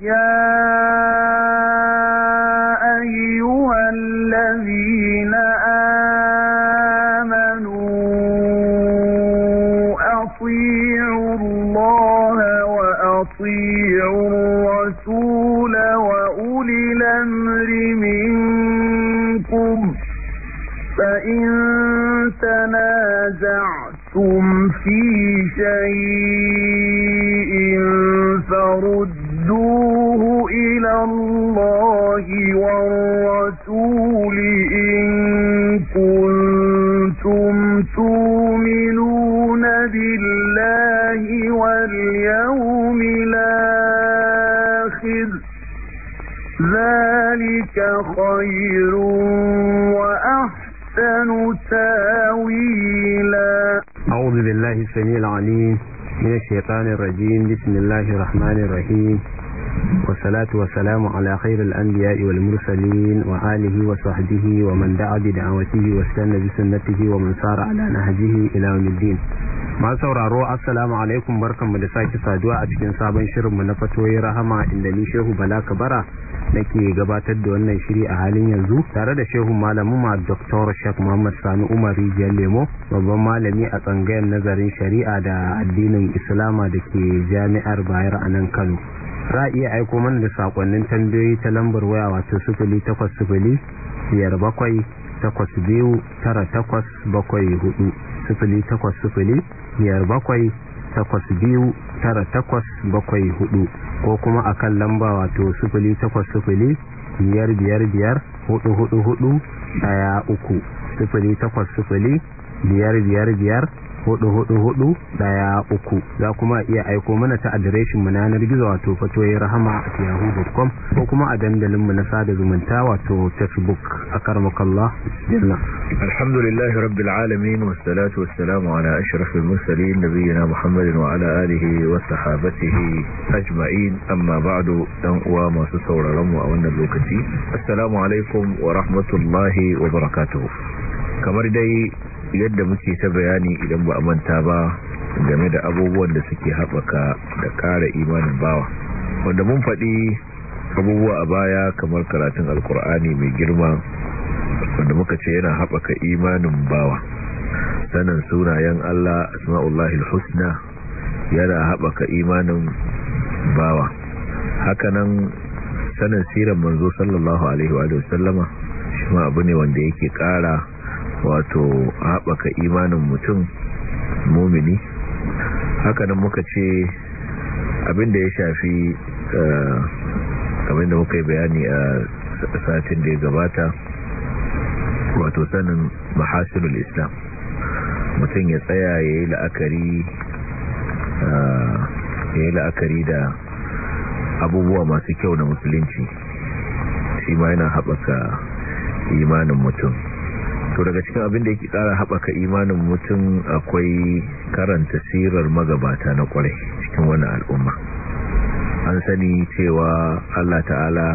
耶！والصلاة والسلام على خير الأنبياء والمرسلين وآله وصحبه ومن دعا بدعوته واستنى بسنته ومن سار على نهجه إلى يوم الدين masu sauraro assalamu alaikum barkanmu da sake saduwa a cikin sabon shirinmu na fatoyi rahama inda ni shehu bala kabara nake gabatar da wannan shiri a halin yanzu tare da shehu malamin ma dr shek muhammad sani umar rijiyar lemo babban malami a tsangayar nazarin shari'a da addinin islama da ke jami'ar bayar a nan kano za a iya aiko mana da sakonnin tambayoyi ta lambar waya wato sufuli takwas sufuli biyar bakwai takwas biyu tara takwas bakwai hudu sufuli takwas sufuli biyar bakwai takwas biyu tara takwas bakwai hudu ko kuma a kan lamba wato sufuli takwas sufuli biyar biyar biyar hudu hudu hudu daya uku sufuli takwas sufuli biyar biyar biyar uku za kuma iya aiko mana ta adireshin mu gizo wato fatoyi rahama at yahoo.com ko kuma a dandalin mu na sada zumunta wato facebook akarmakallah bismillah alhamdulillahi rabbil alamin wassalatu wassalamu ala ashrafil mursalin na muhammadin wa ala alihi wa sahabatihi ajma'in amma baadu dan uwa masu sauraron mu a wannan lokaci assalamu alaikum wa rahmatullahi wa barakatuh kamar dai yadda muke ta bayani idan ba a manta ba game da abubuwan da suke haɓaka da ƙara imanin bawa wanda mun faɗi abubuwa a baya kamar karatun alkur'ani mai girma wanda muka ce yana haɓaka imanin bawa sanin sunayen allah asma'ullahil husna yana haɓaka imanin bawa hakanan sanin siran manzo sallallahu alaihi wa sallama shi ma abu ne wanda yake ƙara wato haɓaka imanin mutum mumini hakanan muka ce abinda ya shafi eh, abinda muka yi bayani a satin da ya gabata wato sanin mahasirul islam mutum ya tsaya ya yi la'akari eh, ya yi la'akari da abubuwa masu kyau na musulunci shi ma yana haɓaka imanin mutum to daga cikin abin da yake kara haɓaka imanin mutum akwai karanta sirar magabata na kwarai cikin wani al'umma an sani cewa Allah ta'ala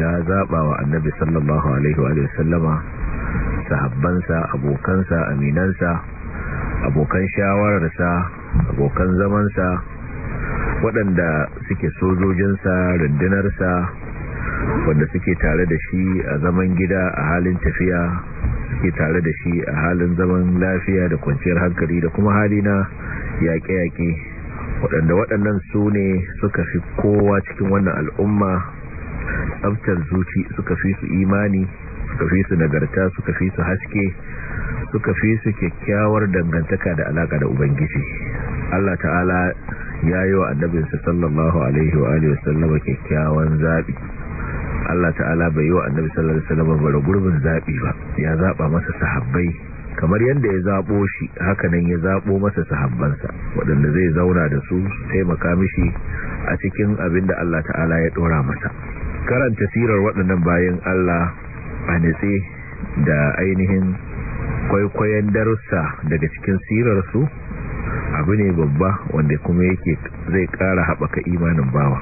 ya zaɓa wa annabi sallallahu alaihi wa sallama sahabbansa abokansa aminansa abokan shawararsa abokan zamansa waɗanda suke sojojinsa rundunarsa wanda suke tare da shi a zaman gida a halin tafiya ke tare da shi a halin zaman lafiya da kwanciyar hankali da kuma hali na yaƙe-yaƙe waɗanda waɗannan su ne suka fi kowa cikin wannan al'umma tsabtar zuci suka fi su imani suka fi su nagarta suka fi su haske suka fi su kyakkyawar dangantaka da alaka da ubangiji Allah ta'ala ya yi wa annabinsa sallallahu alaihi wa alihi wasallama kyakkyawan zaɓi Allah ta'ala bai yi wa annabi sallallahu alaihi wasallam bara gurbin zabi ba ya zaba masa sahabbai kamar yadda ya zabo shi hakanan ya zabo masa sahabbansa waɗanda zai zauna da su taimaka mishi a cikin abin da Allah ta'ala ya dora masa karanta sirar waɗannan bayan Allah a nitse da ainihin kwaikwayon darussa daga cikin sirar su abu ne babba wanda kuma yake zai ƙara haɓaka imanin bawa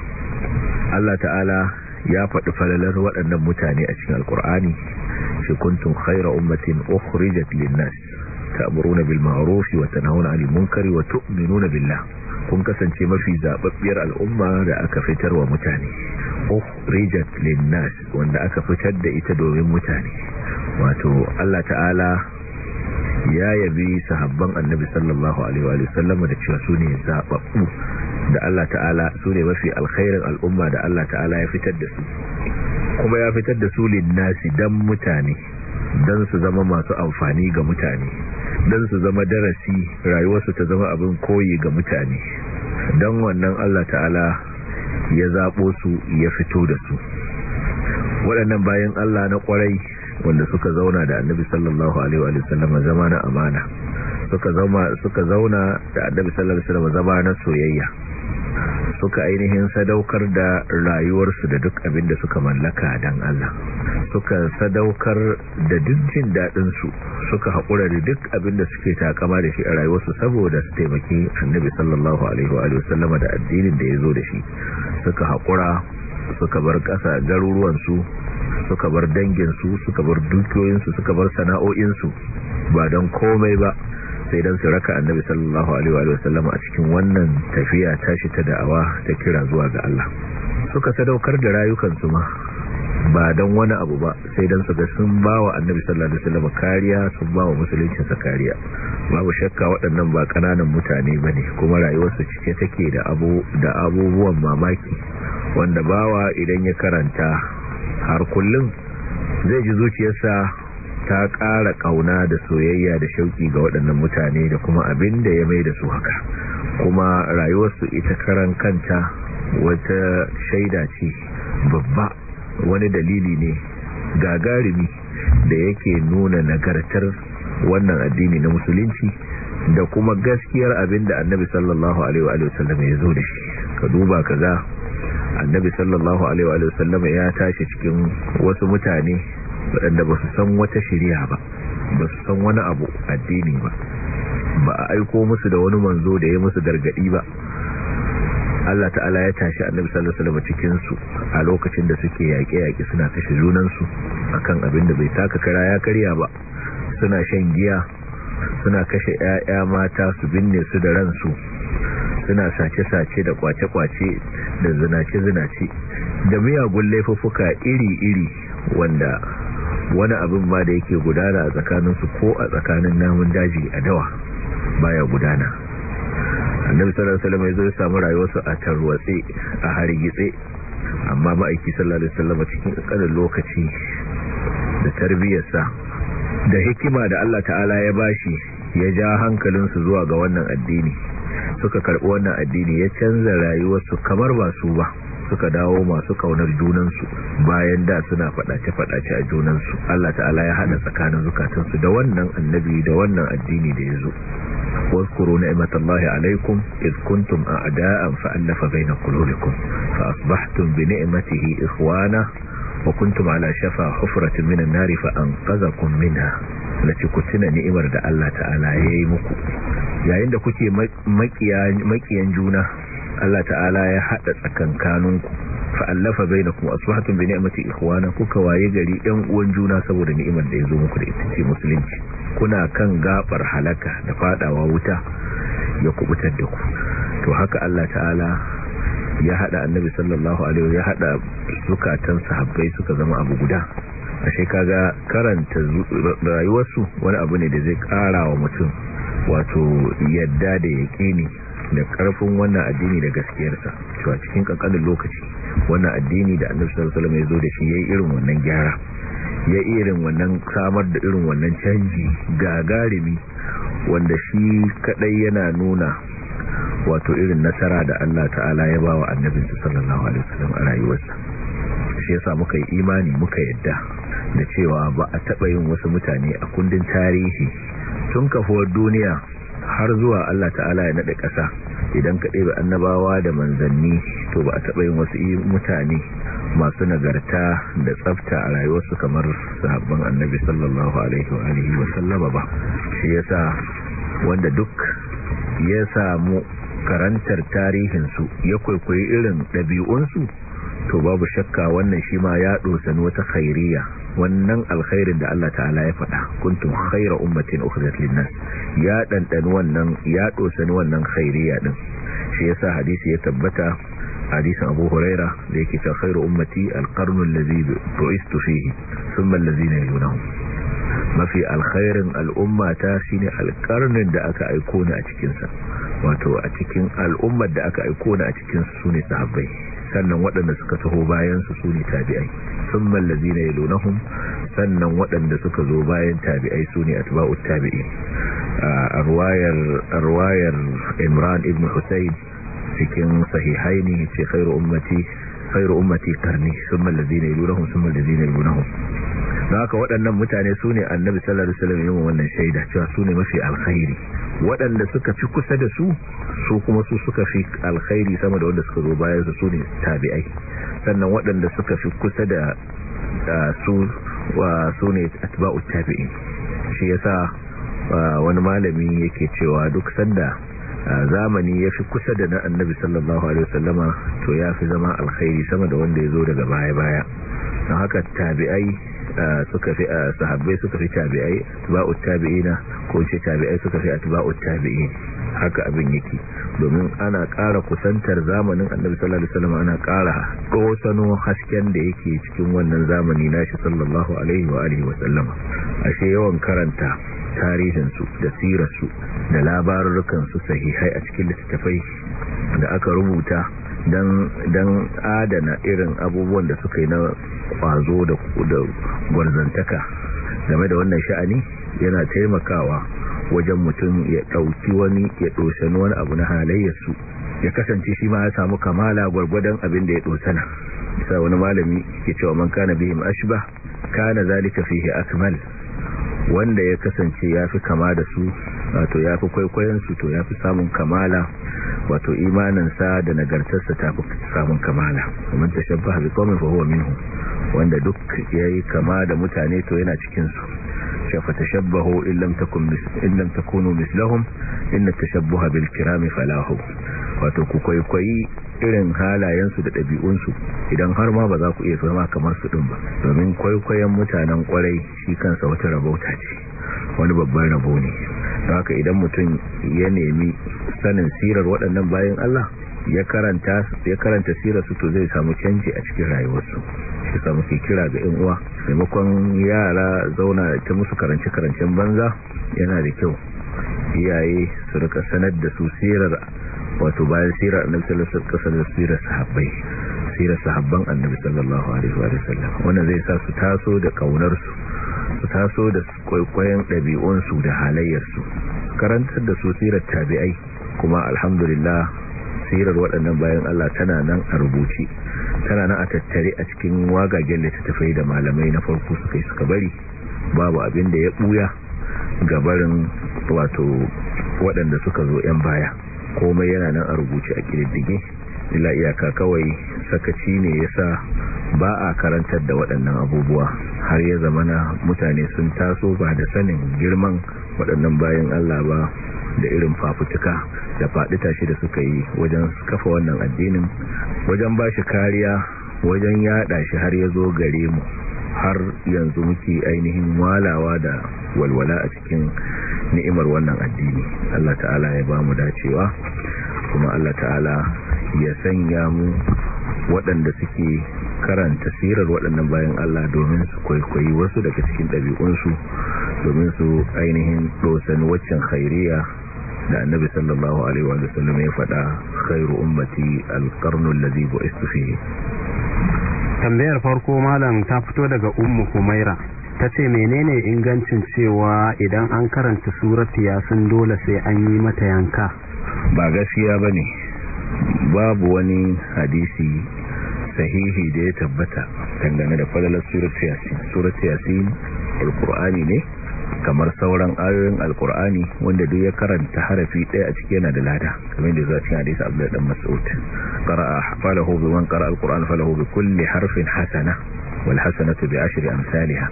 Allah ta'ala ya faɗi falalar waɗannan mutane a cikin alkur'ani shi kuntum khaira ummatin ukhrijat linnas nas ta'muruna bil ma'ruf wa tanhauna 'anil munkari wa tu'minuna billah kun kasance mafi zababbiyar al'umma da aka fitar wa mutane ukhrijat Linas wanda aka fitar da ita domin mutane wato Allah ta'ala ya yabi sahabban annabi sallallahu alaihi wa sallam da cewa su ne zababbu da Allah ta'ala su ne mafi alkhairin al'umma da Allah ta'ala ya fitar da su kuma ya fitar da su linnasi dan mutane dan su zama masu amfani ga mutane dan su zama darasi rayuwarsu ta zama abin koyi ga mutane dan wannan Allah ta'ala ya zaɓo su ya fito da su waɗannan bayan Allah na ƙwarai wanda suka zauna da annabi sallallahu alaihi wa sallam zama na amana suka zauna da annabi sallallahu alaihi zama na soyayya suka ainihin sadaukar da rayuwarsu da duk abin da suka mallaka don Allah suka sadaukar da duk jin daɗinsu suka haƙura da duk abin da suke takama da shi a rayuwarsu saboda su taimaki annabi sallallahu alaihi wa sallama da addinin da ya zo da shi suka haƙura suka bar ƙasa garuruwansu suka bar danginsu suka bar dukiyoyinsu suka bar sana'o'insu ba don komai ba sai dan su raka annabi sallallahu alaihi wa sallam a cikin wannan tafiya tashi ta da'awa ta kira zuwa ga Allah suka sadaukar da rayukansu ma ba don wani abu ba sai dan su ga sun ba wa annabi sallallahu alaihi wasallam kariya sun ba wa kariya babu shakka waɗannan ba kananan mutane bane kuma rayuwarsu cike take da abu da abubuwan mamaki wanda bawa idan ya karanta har kullum zai ji zuciyarsa ta ƙara ƙauna da soyayya da shauƙi ga waɗannan mutane da kuma abin da ya mai da su haka kuma rayuwarsu ita karan kanta wata shaida ce babba wani dalili ne gagarumi da yake nuna nagartar wannan addini na musulunci da kuma gaskiyar abin da annabi sallallahu alaihi wa sallam ya zo da shi ka duba ka kaza annabi sallallahu alaihi wa sallam ya tashi cikin wasu mutane waɗanda ba su san wata shirya ba ba su san wani abu addini ba ba a aiko musu da wani manzo da ya musu gargadi ba Allah ta'ala ya tashi annabi sallallahu alaihi wasallam cikin su a lokacin da suke yaƙe yaƙe suna kashe junan su akan abin da bai taka kara ya karya ba suna shan giya suna kashe ƴaƴa mata su binne su da ransu suna sace sace da kwace kwace da zinace zinace da miyagun laifuffuka iri iri wanda wani abin bada da yake gudana a tsakaninsu ko a tsakanin namun daji a dawa baya gudana annabi sallallahu alaihi wasallam ya zo ya samu rayuwarsu a tarwatse a gitse amma ma'aiki sallallahu alaihi wasallam cikin tsakanin lokaci da tarbiyarsa da hikima da Allah ta'ala ya bashi ya ja hankalinsu zuwa ga wannan addini suka karɓi wannan addini ya canza rayuwarsu kamar ba su ba suka dawo masu kaunar junansu bayan da suna fadace-fadace a junansu Allah ta'ala ya hada tsakanin zukatunsu da wannan annabi da wannan addini da ya zo waskuru ni'mat alaikum id kuntum a'da'an fa alafa baina qulubikum fa asbahtum bi ni'matihi ikhwana wa kuntum ala shafa hufratin minan nar fa anqadhakum minha lati kutuna ni'mar da Allah ta'ala yayi muku yayin da kuke makiyan makiyan juna Allah ta'ala ya hada tsakankaninku fa'allafa bainakum asbahtum bi ni'mati ikhwana kuka waye gari ɗan uwan juna saboda ni'imar da yazo muku da ita ce musulunci kuna kan gabar halaka da fadawa wuta ya kubutar da ku to haka Allah ta'ala ya hada annabi sallallahu alaihi ya hada zukatan sahabbai suka zama abu guda ashe kaga karanta rayuwarsu wani abu ne da zai kara wa mutum wato yadda da ni. da karfin wannan addini da gaskiyarsa cewa cikin kankanin lokaci wannan addini da annabi sallallahu alaihi wasallam ya zo da shi yayi irin wannan gyara ya irin wannan samar da irin wannan canji gagarumi wanda shi kadai yana nuna wato irin nasara da Allah ta'ala ya bawa annabin sallallahu alaihi wasallam a rayuwarsa shi yasa muka yi imani muka yadda da cewa ba a taba yin wasu mutane a kundin tarihi tun kafuwar duniya har zuwa Allah ta'ala ya nade ƙasa idan ka ɗebe annabawa da manzanni to ba a taɓa yin wasu mutane masu nagarta da tsafta a rayuwarsu kamar sahabban annabi sallallahu alaihi wa alihi wa sallama ba shi yasa wanda duk ya samu karantar tarihinsu ya kwaikwayi irin ɗabi'unsu to babu shakka wannan shi ma ya ɗosan wata khairiya wannan alkhairin da Allah ta'ala ya faɗa kuntum khayra ummatin ukhrijat lin-nas ya dandan wannan ya dosani wannan khairiya din shi yasa hadisi ya tabbata hadisin Abu Huraira da yake cewa khayru ummati al-qarnu alladhi bu'istu fihi thumma alladhina yalunahu mafi alkhairin al'umma ta shine alƙarnin da aka aiko ni a cikin sa wato a cikin al'ummar da aka aiko ni a cikin su ne sahabbai sannan waɗanda suka taho bayan su su ne tabi'ai thumma allazina yalunhum sannan waɗanda suka zo bayan tabi'ai sune atba'ut tabi'in a ruwayar Imran ibn Husayn cikin sahihaini ce khairu ummati khairu ummati karni thumma allazina yalunhum thumma allazina yalunhum haka waɗannan mutane su ne annabi sallallahu alaihi wasallam yayin wannan shaida cewa su ne mafi alkhairi waɗanda suka fi kusa da su su kuma su suka fi alkhairi sama da wanda suka zo bayan su ne tabi'ai sannan waɗanda suka fi kusa da su su ne atba'u tabi'in shi yasa wani malami yake cewa duk sanda zamani ya fi kusa da na annabi sallallahu alaihi wasallama to ya fi zama alkhairi sama da wanda ya zo daga baya-baya don haka tabi'ai suka fi sahabbai suka fi tabi'ai tabi'i tabi'ina ko ce tabi'ai suka fi atba'u tabi'in haka abin yake domin ana ƙara kusantar zamanin annabi sallallahu alaihi wasallam ana ƙara dosano hasken da yake cikin wannan zamani nashi sallallahu alaihi wa alihi wasallam ashe yawan karanta tarihin su da sirarsu da su sahihai a cikin littattafai da aka rubuta dan adana irin abubuwan da suka yi na kwazo da gwarzantaka game da wannan sha'ani yana taimakawa wajen mutum ya ɗauki wani ya ɗosani wani abu na halayyarsu ya kasance shi ma ya samu kamala gwargwadon abin da ya ɗosana sa wani malami ke cewa man kana bihim ashba kana zalika fihi akmal wanda ya kasance ya fi kama da su wato ya fi su to ya fi samun kamala wato imanansa da nagartarsa ta fi samun kamala kamar ta shabba habi kome fa huwa minhu wanda duk yayi kama da mutane to yana cikin su shafa tashabbahu illam takun illam takunu mislahum inna tashabbuha bil kirami falahu wato ku kwaikwayi irin halayensu da ɗabi'unsu idan har ma ba za ku iya zama kamar su ɗin ba domin kwaikwayon mutanen kwarai shi kansa wata rabauta ce wani babban rabo ne don haka idan mutum ya nemi sanin sirar waɗannan bayan Allah ya karanta ya karanta sirar su to zai samu canji a cikin rayuwarsu shi sa muke kira ga yan uwa maimakon yara zauna ta musu karance karancen banza yana da kyau iyaye su rika sanar da su sirar wato bayan sirar annabi sallallahu alaihi wasallam sirar sahabbai sirar sahabban annabi sallallahu alaihi wasallam wannan zai sa su taso da kaunar su su taso da kwaikwayon ɗabi'unsu da halayyarsu karantar da su sirar tabi'ai kuma alhamdulillah sirar waɗannan bayan Allah tana nan a rubuce tana nan a tattare a cikin wagagen littattafai da malamai na farko suka yi suka bari babu abin da ya ɓuya ga barin wato waɗanda suka zo 'yan baya komai yana nan a rubuce a ƙididdige ila iyaka kawai sakaci ne ya sa ba a karantar da waɗannan abubuwa har ya zamana mutane sun taso ba da sanin girman waɗannan bayan Allah ba da irin fafutuka da faɗi shi da suka yi wajen kafa wannan addinin wajen ba shi kariya wajen yaɗa shi har ya zo gare mu har yanzu muke ainihin walawa da walwala a cikin ni'imar wannan addini Allah ta'ala ya ba mu dacewa kuma Allah ta'ala ya sanya mu waɗanda suke karanta sirar waɗannan bayan Allah domin su kwaikwayi wasu daga cikin ɗabi'unsu domin su ainihin ɗosan waccan khairiya da annabi sallallahu alaihi wa sallam ya faɗa khairu ummati alqarnul ladhi bu'istu fihi tambayar farko malam ta fito daga ummu humaira ta ce menene ingancin cewa idan an karanta surati yasin dole sai an yi mata yanka ba gaskiya ba ne babu wani hadisi sahihi da ya tabbata dangane da falalar surati yasin surati yasin alkur'ani ne kamar sauran ayoyin alkur'ani wanda duk ya karanta harafi ɗaya a ciki yana da lada kamar da zuwa cikin hadisi abdul dan mas'ud qara'a falahu bi man qara'a alqur'ana falahu bi kulli harfin hasana wal hasanatu bi ashri amsalha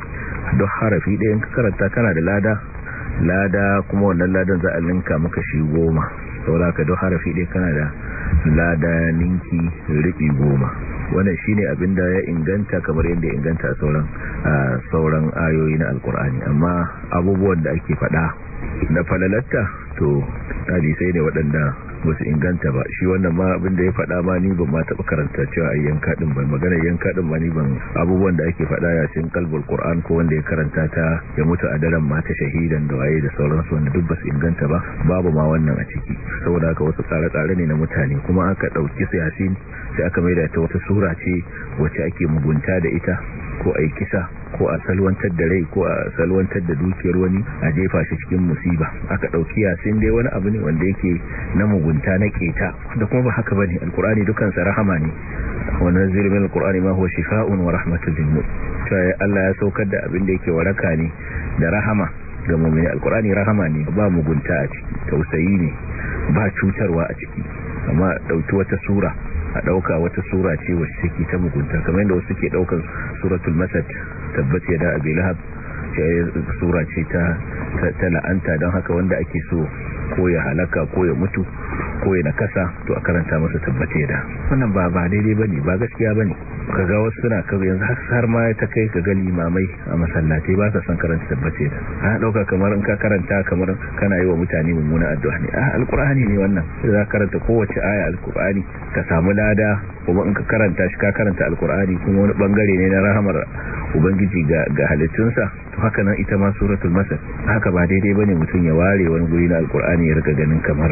duk harafi ɗaya in ka karanta kana da lada lada kuma wannan ladan za a linka maka shi goma saboda ka duk harafi ɗaya kana da ladaninki ninki riɓi goma wannan shine abin da ya inganta kamar yadda ya inganta sauran sauran ayoyi na alkur'ani amma abubuwan da ake faɗa na falalatta to sai ne waɗanda ba su inganta ba shi wannan ma abin da ya faɗa ma ni ban ma taɓa karanta cewa a yanka ɗin ban magana yanka ɗin ma ni ban abubuwan da ake faɗa ya cin kalbar qur'an ko wanda ya karanta ta ya mutu a daren mata shahidan da waye da sauransu wanda duk ba su inganta ba babu ma wannan a ciki saboda haka wasu tsare-tsare ne na mutane kuma aka ɗauki siyasin sai aka maida ta wata sura ce wacce ake mugunta da ita ko a kisa ko a salwantar da rai ko a salwantar da dukiyar wani a jefa shi cikin musiba aka dauki yasin dai wani abu ne wanda yake na mugunta na keta da kuma ba haka bane alkur'ani dukan sa rahama ne wannan nazil alqur'ani ma huwa shifa'un wa rahmatul lil mu'minin Allah ya saukar da abin da yake waraka ne da rahama ga mu'mini alkur'ani rahama ne ba mugunta a ciki tausayi ne ba cutarwa a ciki amma dauki wata sura a ɗauka wata sura ce wacce take ta mugunta kamar yadda wasu ke ɗaukar suratul masad tabbace da abu lahab sura ce ta ta la'anta don haka wanda ake so ko ya halaka ko ya mutu ko ya nakasa to a karanta masa tabbace da wannan ba ba daidai bane ba gaskiya bane ka ga wasu suna kaga yanzu har ma ta kai ka ga limamai a masallatai ba sa son karanta tabbace da a dauka kamar in ka karanta kamar kana yi wa mutane mummuna addu'a ne a alqur'ani ne wannan sai za karanta kowace aya alqur'ani ka samu lada kuma in ka karanta shi ka karanta alqur'ani kuma wani bangare ne na rahamar ubangiji ga ga halittunsa to haka nan ita ma suratul masad haka ba daidai bane mutum ya ware wani guri na alqur'ani wani ya riga ganin kamar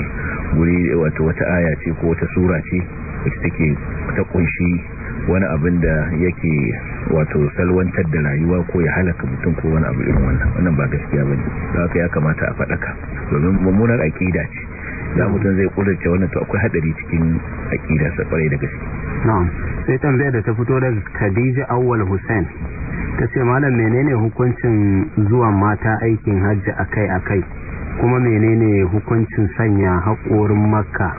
guri wato wata aya ce ko wata sura ce wacce take ta kunshi wani abin da yake wato salwantar da rayuwa ko ya halaka mutum ko wani abu irin wannan wannan ba gaskiya bane haka ya kamata a faɗaka domin mummunar akida ce da mutum zai kudurce wannan to akwai hadari cikin akida sa kware da gaske na'am sai tambayar da ta fito daga Khadija Awwal Hussein tace malam menene hukuncin zuwan mata aikin hajji akai-akai kuma menene hukuncin sanya haƙorin makka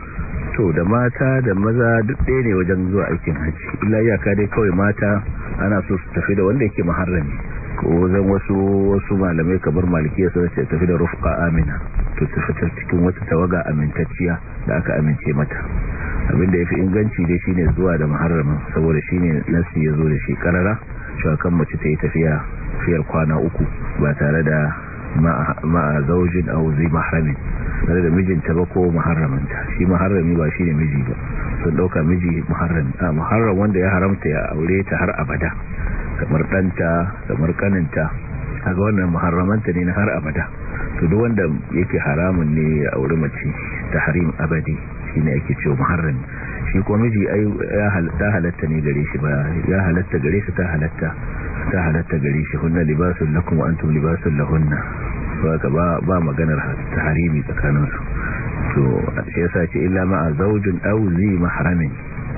to da mata da maza duk ɗaya ne wajen zuwa aikin hajji illa iyaka dai kawai mata ana so su tafi da wanda yake maharrami ko zan wasu wasu malamai kamar maliki sun ce tafi da rufqa amina to tafi ta cikin wata tawaga amintacciya da aka amince mata abin da yafi inganci dai shine zuwa da maharrami saboda shine nasi yazo da shi karara shakan mace ta yi tafiya fiyar kwana uku ba tare da ma'a zaujin aw zai mahramin tare da mijinta ba ko muharramanta shi muharrami ba shine miji ba sun dauka miji muharrami a muharram wanda ya haramta ya aure ta har abada kamar danta kamar kaninta kaga wannan muharramanta ne na har abada to duk wanda yake haramun ne ya aure mace ta tahrim abadi shine yake cewa muharrami shi ko miji ai ya halatta halatta ne gare shi ba ya halatta gare shi ta halatta ta halatta gare shi hunna libasul lakum wa antum libasul lahunna saka ba ba maganar tahrimi tsakanin su to shi yasa ce illa ma zawjun aw zi mahramin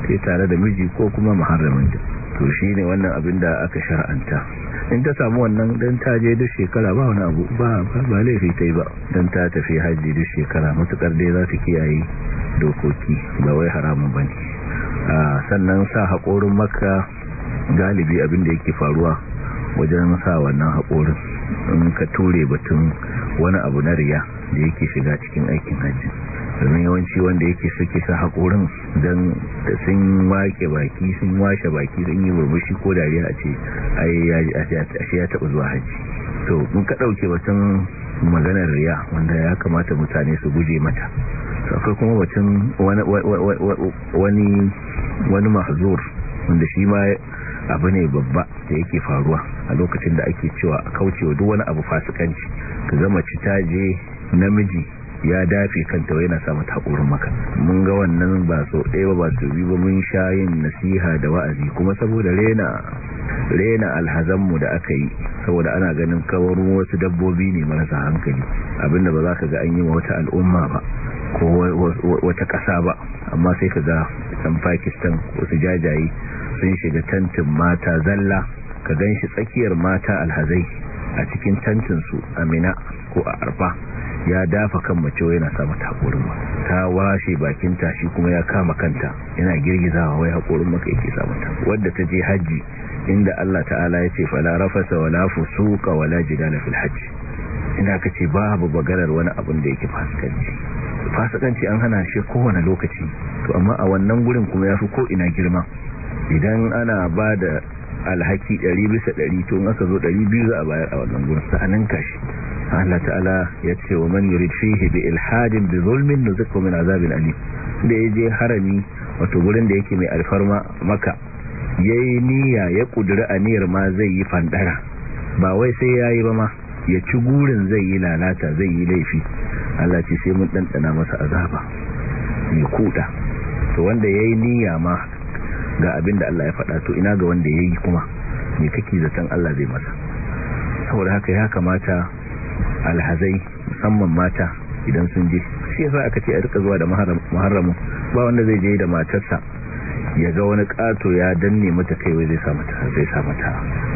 sai tare da miji ko kuma mahramin to shi ne wannan abin da aka shar'anta in ta samu wannan don ta je duk shekara ba wani abu ba ba laifi ta yi ba don ta tafi hajji duk shekara matukar dai za ta kiyaye dokoki ba wai haramun ba ne sannan sa haƙorin maka galibi abin da yake faruwa wajen sa wannan haƙorin in ka ture batun wani abu na riya da yake shiga cikin aikin hajji domin yawanci wanda yake suke sa haƙorin don da sun wake baki sun washe baki sun yi murmushi ko dariya a ce ashe ya taɓa zuwa hajji to mun ka ɗauke batun maganar riya wanda ya kamata mutane su guje mata akwai kuma batun wani wani wanda shi ma abu ne babba da yake faruwa a lokacin da ake cewa a kaucewa duk wani abu fasikanci ka zama ci ta je namiji ya dafe kanta wai yana sa mata maka mun ga wannan ba so ɗaya ba su bi ba mun sha yin nasiha da wa'azi kuma saboda rena rena alhazanmu da aka yi saboda ana ganin kawar wasu dabbobi ne marasa hankali abinda ba za ka ga an yi wata al'umma ba ko wata ƙasa ba amma sai ka ga san pakistan wasu jajaye sun shiga tantin mata zalla ka gan shi tsakiyar mata alhazai a cikin tantinsu a mina ko a arfa ya dafa kan mace wai yana sa mata hakorin ba ta washe bakinta shi kuma ya kama kanta yana girgizawa wai hakorin maka yake sa mata wadda ta je haji inda Allah ta'ala ya ce fala rafasa wala fusuka wala jidala fil hajj inda ka ce babu bagarar wani abin da yake fasikanci fasikanci an hana shi kowane lokaci to amma a wannan gurin kuma ya fi ko ina girma idan ana ba da alhaki 100 bisa 100 to in aka zo 200 za a bayar a wannan gurin sa'anin kashi Allah ta'ala ya ce wa man yurid fihi bi ilhadin bi zulmin nuzikhu min azabin alim da yaje harami wato gurin da yake mai alfarma maka yayi niyya ya kudura aniyar ma zai yi fandara ba wai sai yayi ba ma ya ci gurin zai yi lalata zai yi laifi Allah ce sai mun dandana masa azaba Ya kuda to wanda yayi niyya ma ga abin da Allah ya faɗa to ina ga wanda yayi kuma me kake zaton Allah zai masa saboda haka ya kamata alhazai musamman mata idan sun je shi yasa aka ce a rika zuwa da muharramu ba wanda zai je da matarsa ya ga wani kato ya danne mata kai wai zai sa mata zai sa mata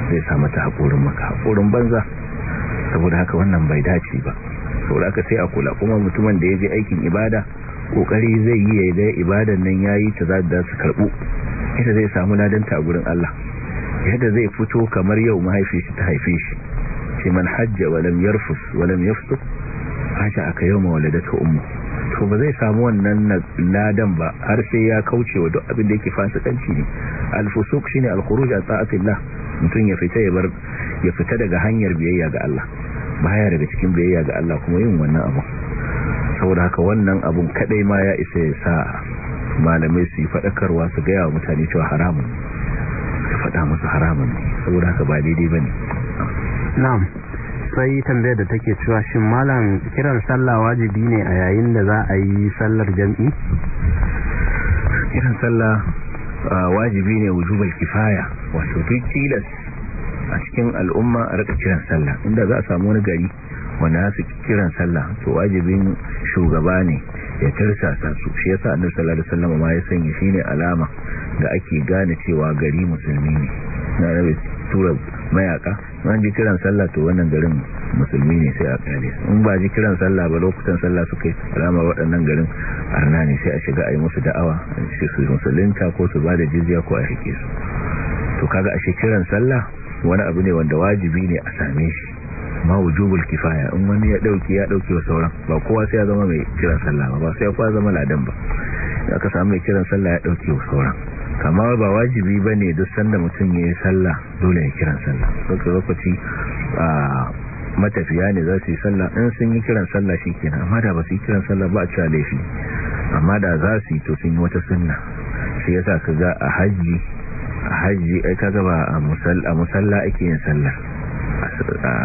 zai maka hakurin banza saboda haka wannan bai dace ba da haka sai a kula kuma mutumin da ya je aikin ibada kokari zai yi ya ga ibadan nan ya yi ta za da su karɓu yadda zai samu ladanta a gurin Allah yadda zai fito kamar yau mahaifi shi ta haife shi ce man hajja wa lam yarfus wa lam yafsuq haka aka yau ummu to ba zai samu wannan ladan ba har sai ya kauce wa duk abin da yake kanci ne al shine al-khuruj an ta'atillah mutum ya fita ya bar ya fita daga hanyar biyayya ga Allah baya daga cikin biyayya ga Allah kuma yin wannan abu saboda haka wannan abun kadai ma ya isa ya sa malamai su yi fadakarwa su gaya wa mutane cewa haramun ka fada musu haramun ne saboda haka ba daidai bane na'am sai tambayar da take cewa shin malam kiran sallah wajibi ne a yayin da za a yi sallar jam'i kiran sallah wajibi ne wujubal kifaya wato duk tilas a cikin al'umma a rika kiran sallah inda za a samu wani gari wanda su kiran sallah to wajibin shugaba ne ya tarsa ta su shi yasa annabi sallallahu alaihi wasallam ma ya sanya shine alama da ake gane cewa gari musulmi ne na tura mayaka an ji kiran sallah to wannan garin musulmi ne sai a kare in ba ji kiran sallah ba lokutan sallah suka yi alama waɗannan garin arna ne sai a shiga a yi musu da'awa sai su musulunta ko su ba da jizya ko a rike su to kaga ashe kiran sallah wani abu ne wanda wajibi ne a same shi ma wujubul kifaya in wani ya dauki ya dauki wa sauran ba kowa sai ya zama mai kiran sallah ba sai kowa zama ladan ba aka samu mai kiran sallah ya dauki wa sauran kamar ba wajibi ba ne duk sanda mutum ya yi sallah dole ya kiran sallah sauka lokaci a matafiya ne za su yi sallah in sun yi kiran sallah shi kenan amma da ba su yi kiran salla ba a cewa laifi amma da za su yi to sun yi wata sunna shi yasa ka ga a hajji a hajji ai ka gaba a musalla ake yin salla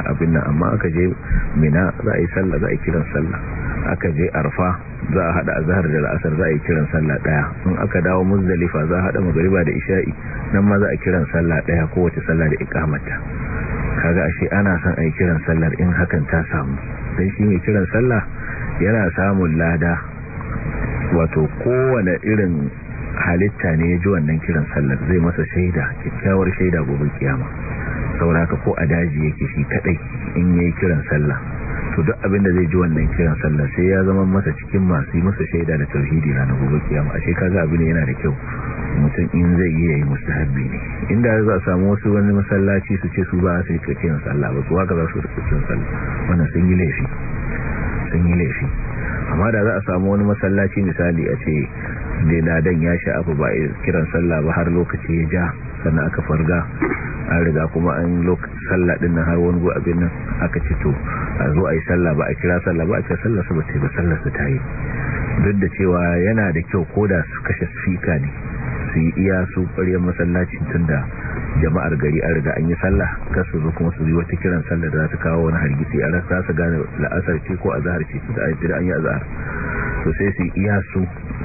abin nan amma aka je mina za a yi sallah za a yi kiran sallah aka je arfa za a hada azhar da la'asar za a yi kiran sallah ɗaya in aka dawo muzdalifa za a haɗa magariba da isha'i nan ma za a kiran sallah daya kowace sallah da ikamata kaga ashe ana son a yi kiran sallar in hakan ta samu dan shi mai kiran sallah yana samun lada wato kowane irin halitta ne ya ji wannan kiran sallar zai masa shaida kyakkyawar shaida gobe kiyama sauraka ko a daji yake shi kadai in yayi kiran sallah to duk abin da zai ji wannan kiran sallah sai ya zama masa cikin masu yi masa shaida da tauhidi ranar gobe kiyama ashe kaga abin yana da kyau mutum in zai yi yayi mustahabbi ne inda za a samu wasu wani masallaci su ce su ba su rika kiran sallah ba su waka za su rika kiran sallah wannan sun yi laifi amma da za a samu wani masallaci misali a ce dai dan ya sha abu ba kiran sallah ba har lokaci ya ja sannan aka farga an riga kuma an lokacin sallah din nan har wani abin nan aka ce to a zo a yi sallah ba a kira sallah ba a ce sallah su ba ce ba sallah su ta yi duk da cewa yana da kyau ko da su kashe sika ne su yi iya su ƙaryar masallacin tun da jama'ar gari an riga an yi sallah su zo kuma su yi wata kiran sallah da za su kawo wani hargitsi a rasa su gane la'asar ce ko azahar ce da an an yi azahar to sai su yi iya su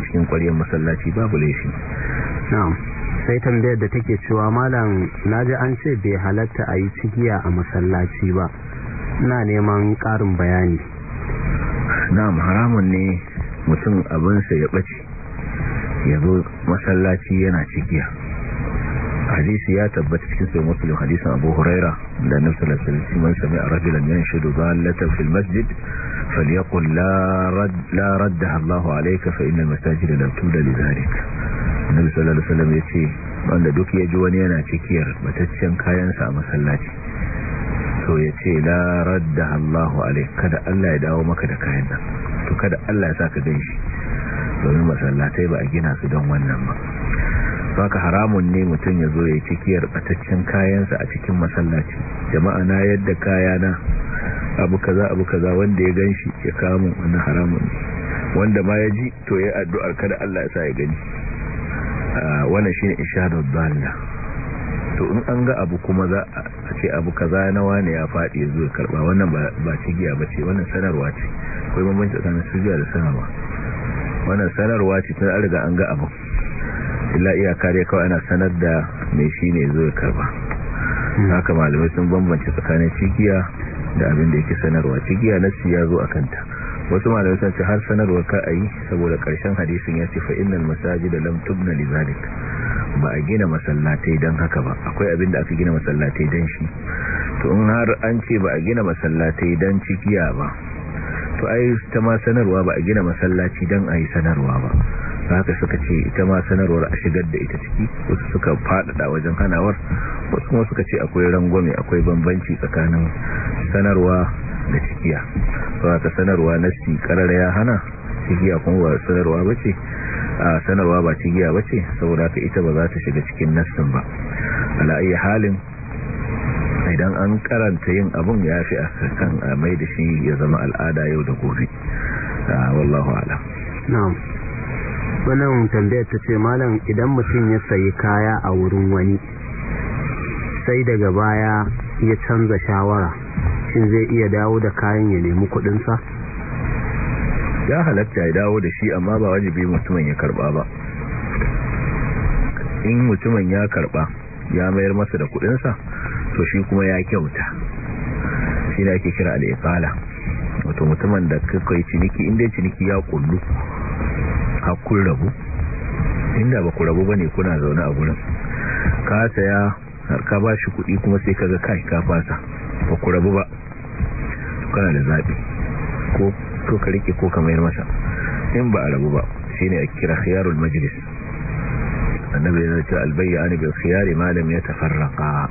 cikin ƙaryar masallaci babu laifi sai tambayar da take cewa malam ji an ce bai halatta a yi cigiya a masallaci ba na neman ƙarin bayani na haramun ne mutum abinsa ya ɓace ya zo masallaci yana cigiya hadisi ya tabbata cikin sai muslim hadisin abu huraira da nufsa da salisu sami a rabilan yan shudu ba latar masjid falyaqul la rad la raddaha Allahu alayka fa innal masajid la tuda li zalik annabi sallallahu alaihi wasallam yace wanda duk ya ji wani yana cikiyar bataccen kayan sa a masallaci so yace la radda Allahu alayka kada Allah ya dawo maka da kayan nan to kada Allah ya saka ganshi domin masallatai ba a gina su don wannan ba saka haramun ne mutum ya zo ya cikiyar bataccen kayansa a cikin masallaci jama'a na yadda kaya na? abu kaza abu kaza wanda ya ganshi ya kamun wannan haramun ne wanda ma ya ji to ya addu'ar kada Allah ya sa ya gani ah, wannan shine ishadul dalla to in an ga abu kuma za a ce abu kaza na wane ya faɗi ya karba wannan ba cigiya ba ce wannan sanarwa ce akwai bambanci tsakanin cigiya da sanarwa wannan sanarwa ce tun an riga an ga abu illa iya kare kawai ana sanar da mai shi ne ya karba hmm. haka malamai sun bambance tsakanin cigiya da abin da yake sanarwa cigiya nassi ya zo a kanta wasu malamai sun ce har sanarwa ka a yi saboda karshen hadisin ya ce fa innal masaji lam tubna li zalik ba a gina masallatai dan haka ba akwai abin da aka gina masallatai dan shi to in har an ce ba a gina masallatai dan cigiya ba to ai ta ma sanarwa ba a gina masallaci dan ayi sanarwa ba haka suka ce ita ma sanarwar a shigar da ita ciki wasu suka faɗaɗa wajen hanawar wasu kuma suka ce akwai rangwame akwai bambanci tsakanin sanarwa da cikiya ba haka sanarwa na shi karar ya hana cikiya kuma ba sanarwa ba ce a sanarwa ba cikiya ba ce saboda ka ita ba za ta shiga cikin nassin ba ala'ayi halin idan an karanta yin abun ya fi a kan mai da shi ya zama al'ada yau da gobe wallahu alaam. na'am wannan tambayar ta ce malam idan mutum ya sayi kaya a wurin wani sai daga baya ya canza shawara shin zai iya dawo da kayan ya nemi kudinsa ya halatta ya dawo da shi amma ba wajibi mutumin ya karba ba in mutumin ya karba ya mayar masa da kudinsa to shi kuma ya kyauta shi ne ake kira al'iqala wato mutumin da kai ciniki inda ciniki ya kullu a rabu inda ba ku rabu ba ne kuna zaune a gurin ka saya har ka ba shi kuɗi kuma sai ka ga kai ka fasa ba ku rabu ba kana da zaɓi ko to ka rike ko ka mayar masa in ba a rabu ba shine a kira khiyarul majlis annabi ya ce albayya an bil khiyari ma lam yatafarraqa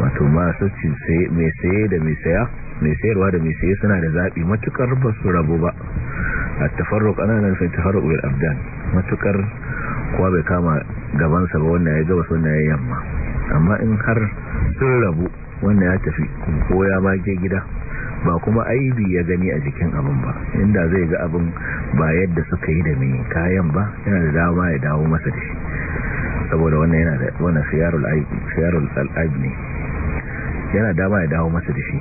wato ma ci sai mai saye da mai saya mai sayarwa da mai saye suna da zaɓi matukar ba su rabu ba a tafarruk ana nan sai tafarruk wil matukar kuwa bai kama gabansa ba wanda ya gabas wanda ya yamma amma in har sun rabu wanda ya tafi ko ya mage gida ba kuma aibi ya gani a jikin abin ba inda zai ga abin ba yadda suka yi da mai kayan ba yana da dama ya dawo masa da shi saboda wannan yana da wannan siyarul aibi ne yana dama ya dawo masa da shi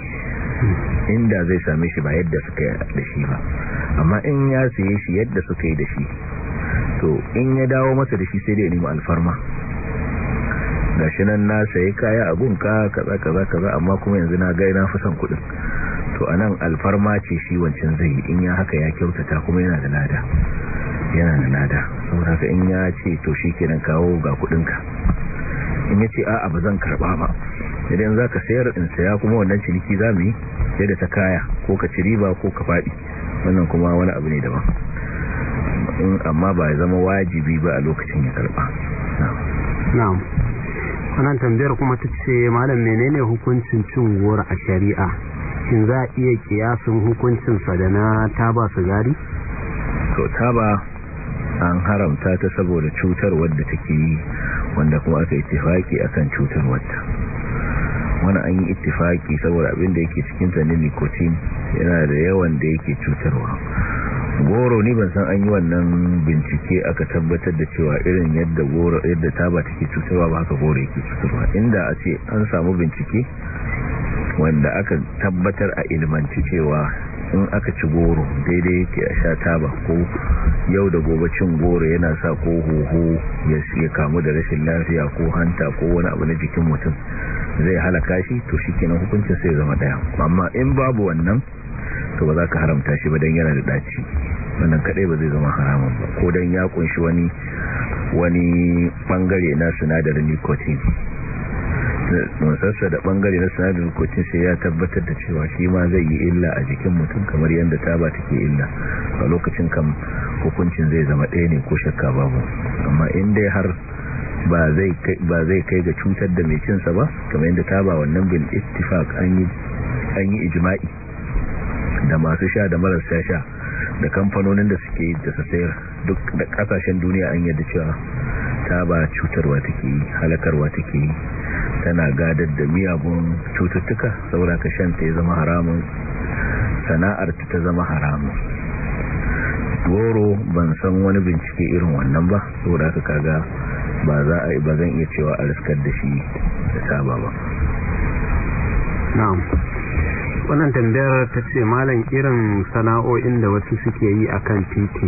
inda zai same shi ba yadda suka yi da shi ba amma in ya saye shi yadda suka yi da shi to in ya dawo masa da shi sai dai nima alfarma shi nan na sayi kaya a gunka kaza kaza kaza amma kuma yanzu na ga na fasan kuɗin to a nan alfarma ce shi wancan zai yi in ya haka ya kyautata kuma yana da nada yana da nada saboda haka in ya ce to shi kenan kawo ga kuɗinka in ya ce a'a ba zan karɓa ba idan za ka sayar in saya kuma wannan ciniki za mu yi sai da ta kaya ko ka ciri ba ko ka faɗi wannan kuma wani abu ne daban amma ba ya zama wajibi ba a lokacin ya karɓa na'am wannan tambayar kuma ta ce malam menene hukuncin cin gora a shari'a shin za a iya kiyasin hukuncinsa da na taba sigari? to taba an haramta ta saboda cutar wadda take yi wanda kuma aka yi a akan cutar wadda wani an yi ittifaki saboda abin da yake cikin ta ne nicotine yana da yawan da yake cutarwa goro ni ban san an yi wannan bincike aka tabbatar da cewa irin yadda goro yadda taba take cutarwa ba haka goro yake cutarwa inda a ce an samu bincike wanda aka tabbatar a ilmanci cewa in aka ci goro daidai yake a sha taba ko yau da gobe cin goro yana sa ko huhu ya siya kamu da rashin lafiya ko hanta ko wani abu na jikin mutum zai halaka shi to shi kenan hukuncin sai zama daya amma in babu wannan to ba za ka haramta shi ba don yana da daci wannan kadai ba zai zama haramun ba ko don ya kunshi wani wani bangare na sinadarin nicotine nunsarsa da bangare na sinadar kocin sai ya tabbatar da cewa shi ma zai yi illa a jikin mutum kamar yadda ta taba take illa a lokacin kam hukuncin zai zama ɗaya ne ko shakka babu amma in dai har ba zai kai ga cutar da mai cinsa ba kamar yadda ba wannan bin ittifak an yi ijima'i da masu sha da marasa sha da kamfanonin da suke da sayar duk da kasashen duniya an yadda cewa ta ba cutarwa take yi halakarwa take yi tana gadar da miyagun cututtuka saura ka shanta ya zama haramun sana'ar ta zama haramun goro ban san wani bincike irin wannan ba saura ka kaga ba za a ba zan iya cewa a riskar da shi da saba ba wannan tambayar ta ce malam irin sana'o'in da wasu suke yi a kan titi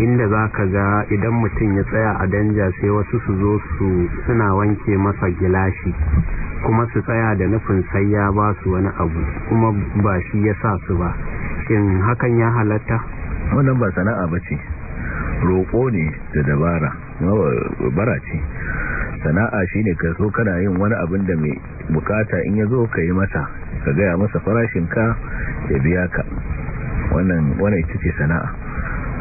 inda za ka ga idan mutum ya tsaya a danja sai wasu su zo su suna wanke masa gilashi kuma su tsaya da nufin sai ya ba su wani abu kuma ba shi ya sa su ba shin hakan ya halatta wannan ba sana'a ba ce roƙo ne da dabara bara ce sana'a shine ka so kana yin wani abin da mai bukata in ya zo ka yi mata ka gaya masa farashinka ya biya ka wannan ita ce sana'a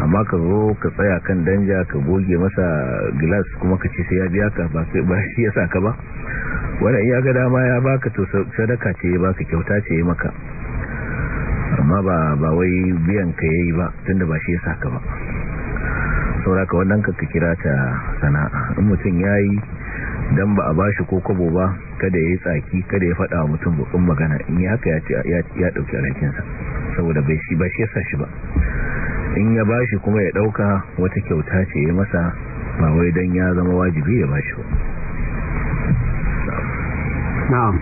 amma ka zo ka tsaya kan danja ka goge masa glass kuma ka ce sai ya biya ka ba sai ba shi ya saka ba wanda iya ga dama ya baka to sadaka ce ya baka kyauta ce ya maka amma ba ba wai biyan ka yayi ba tunda ba shi ya ka ba saboda ka wannan ka kira ta sana'a in mutum yayi dan ba a bashi ko kobo ba kada yayi tsaki kada ya faɗa mutum bukun magana in ya haka ya ɗauki sa saboda bai shi ba shi ya sa shi ba in ya bashi kuma ya dauka wata kyauta ce ya masa ba wai dan ya zama wajibi ya bashi shi. na'am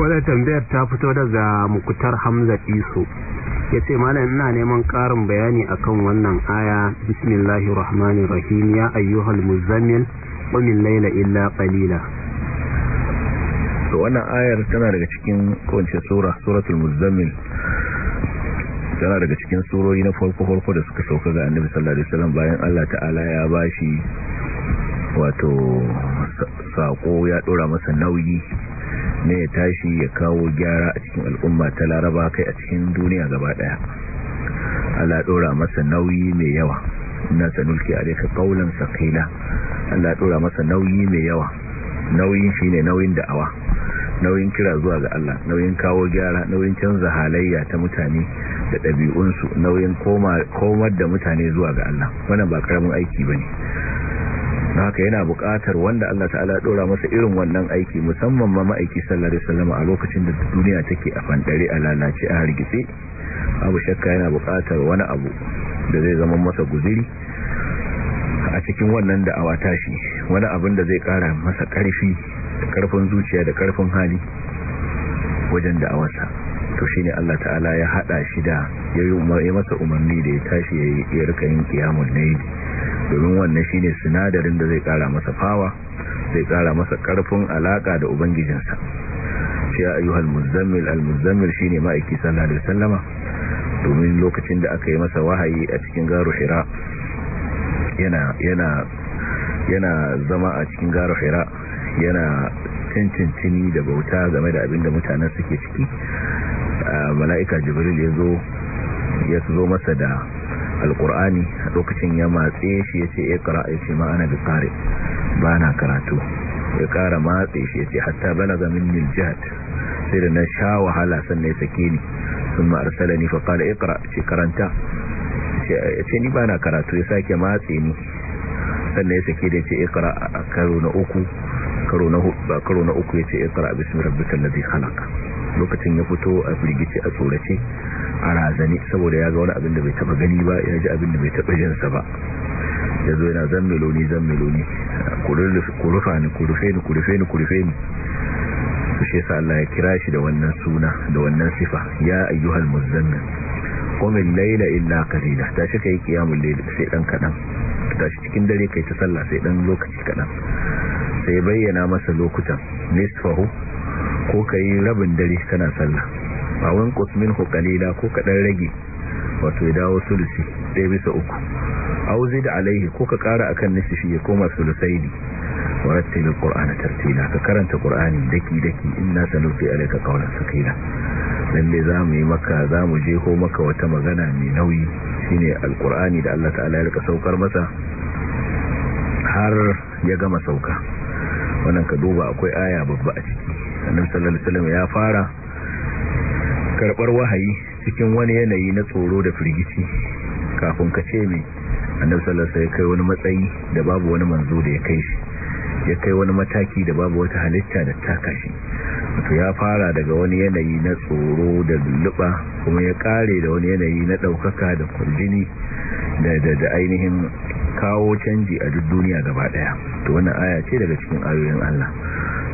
wadda tambayar ta fito daga mukutar hamza iso ya ce malam ina neman karin bayani akan wannan aya bismillahi rahmanir rahim ya ayyuhal muzammil qum laila illa ƙalila. to wannan ayar tana daga cikin kowace sura suratul muzammil tana daga cikin surori na farko-farko da suka sauka ga annabi sallallahu alaihi wasallam bayan Allah ta'ala ya bashi wato sako ya dora masa nauyi ne ya tashi ya kawo gyara a cikin al'umma ta laraba kai a cikin duniya gaba daya Allah ya dora masa nauyi mai yawa inna sanulki alayka qawlan saqila Allah ya dora masa nauyi mai yawa nauyin shine nauyin da'awa nauyin kira zuwa ga Allah nauyin kawo gyara nauyin canza halayya ta mutane da ɗabi'unsu nauyin komar da mutane zuwa ga Allah wannan ba karamin aiki ba ne na haka yana buƙatar wanda Allah ta'ala ya ɗora masa irin wannan aiki musamman ma ma'aiki sallallahu sallama a lokacin da duniya take a fandare a lalace a hargitse abu shakka yana buƙatar wani abu da zai zama masa guziri a cikin wannan da awa tashi wani abin da zai ƙara masa karfi da karfin zuciya da karfin hali wajen awasa to shine Allah ta'ala ya hada shi da ya yi masa umarni da ya tashi ya yi rika yin kiyamun yi domin wannan shine sinadarin da zai kara masa fawa zai kara masa karfin alaka da ubangijinsa shi ya yi muzammil al shi shine ma'aiki sallallahu sallama domin lokacin da aka yi masa wahayi a cikin garo hira yana zama a cikin garo hira yana cancancini da bauta game da abin da mutanen suke ciki ah, mala'ika jibril ya zo ya zo masa da alkur'ani a lokacin ya matse shi ya ce ya kara ya ce ma'ana da tsari ba na karatu ya kara matse shi ya ce hatta bala ga min jihad sai da na sha wahala sannan ya sake ni sun ma'arsala ni faƙala ya kara ce karanta ya ce ni ba na karatu ya sake matse ni sannan ya sake da ya ce ya kara a karo na uku karo na hudu ba karo na uku yace ikra bismi rabbikal ladhi khalaq lokacin ya fito a firgici a tsorace a razani saboda ya ga wani abin da bai taba gani ba ya ji abin da bai taba jin sa ba ya zo yana zan meloni zan meloni kurufa ni kurufe ni kurufe ni kurufe ni su shi sa Allah ya kira shi da wannan suna da wannan sifa ya ayyuhal muzammil qumil layla illa qalila tashi kai kiyamul layl sai dan kadan ta tashi cikin dare kai ta sallah sai dan lokaci kadan ka yi bayyana masa lokutan nisfahu ko ka yi rabin dare kana sallah a wani kusmin ko kalila ko kaɗan rage wato ya dawo sulusi ɗaya bisa uku auzi da alaihi ko ka ƙara akan nisfi ya koma sulusai ne warattil alqur'ana tartila ka karanta ƙur'ani daki daki inna sanufi alayka qawlan sakila lalle mu yi maka zamu je ko maka wata magana mai nauyi shine alƙur'ani da Allah ta'ala ya rika saukar masa har ya gama sauka wannan ka duba akwai aya babba a ciki annabi sallallahu alaihi wasallam ya fara karbar wahayi cikin wani yanayi na tsoro da firgici kafin ka ce mai annabi sallallahu alaihi kai wani matsayi da babu wani manzo da ya kai shi ya kai wani mataki da babu wata halitta da ta kashi wato ya fara daga wani yanayi na tsoro da lulluba kuma ya kare da wani yanayi na daukaka da kullini da, da ainihin kawo canji a duk duniya gaba daya to wannan aya ce daga cikin ayoyin Allah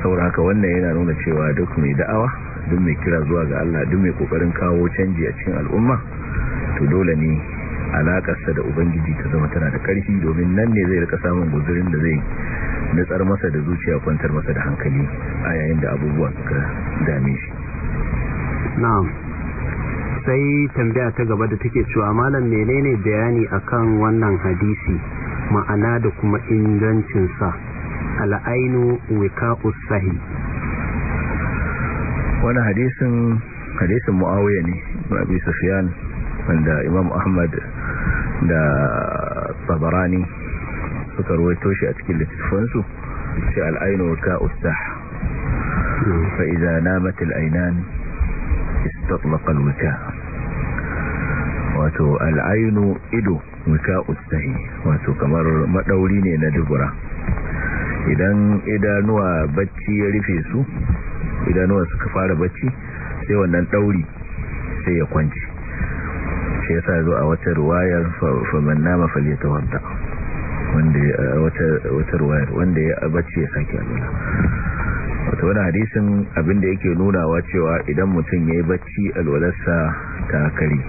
saboda haka wannan yana nuna cewa duk mai da'awa duk mai kira zuwa ga Allah duk mai kokarin kawo canji a cikin al'umma to dole ne alakarsa da ubangiji ta zama tana da karfi domin nan ne zai rika samun guzurin da zai nutsar masa da zuciya kwantar masa da hankali a yayin da abubuwan suka dame shi na'am sai tambaya ta gaba da take cewa malam menene bayani akan wannan hadisi ma'ana da kuma ingancinsa al'ainu wika'us sahi wani hadisin hadisin muawiya ne abi sufyan wanda imam ahmad da tabarani suka ruwaito shi a cikin littafansu sai al'ainu wika'us sahi hmm. fa idza namat al'ainan istatlaq المكاء wato al'ainu ido muka ustahi wato kamar madauri ne na dubura idan idanuwa bacci ya rufe su idanuwa suka fara bacci sai wannan dauri sai ya kwanci shi yasa zo a wata ruwayar fa man nama falyata wanda wata ruwayar wanda ya bacci ya sake alwala wato wani hadisin abinda yake nunawa cewa idan mutum ya yi bacci alwalarsa ta kari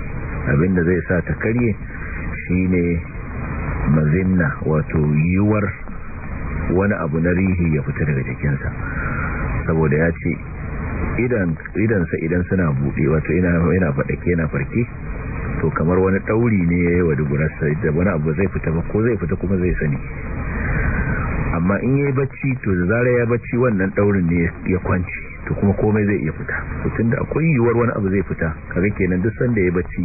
abinda zai sa ta karye ne mazinna wato yiwuwar wani abu na rihi ya fita daga jikinsa saboda ya ce idansa idan suna buɗe wato yana faɗake yana farke to kamar wani ɗauri ne ya yi wa duburarsa da wani abu zai fita ba ko zai fita kuma zai sani amma in yi bacci to da zarar ya bacci wannan daurin ne ya kwanci to kuma komai zai iya fita to da akwai yiwuwar wani abu zai fita kaga kenan duk sanda ya bacci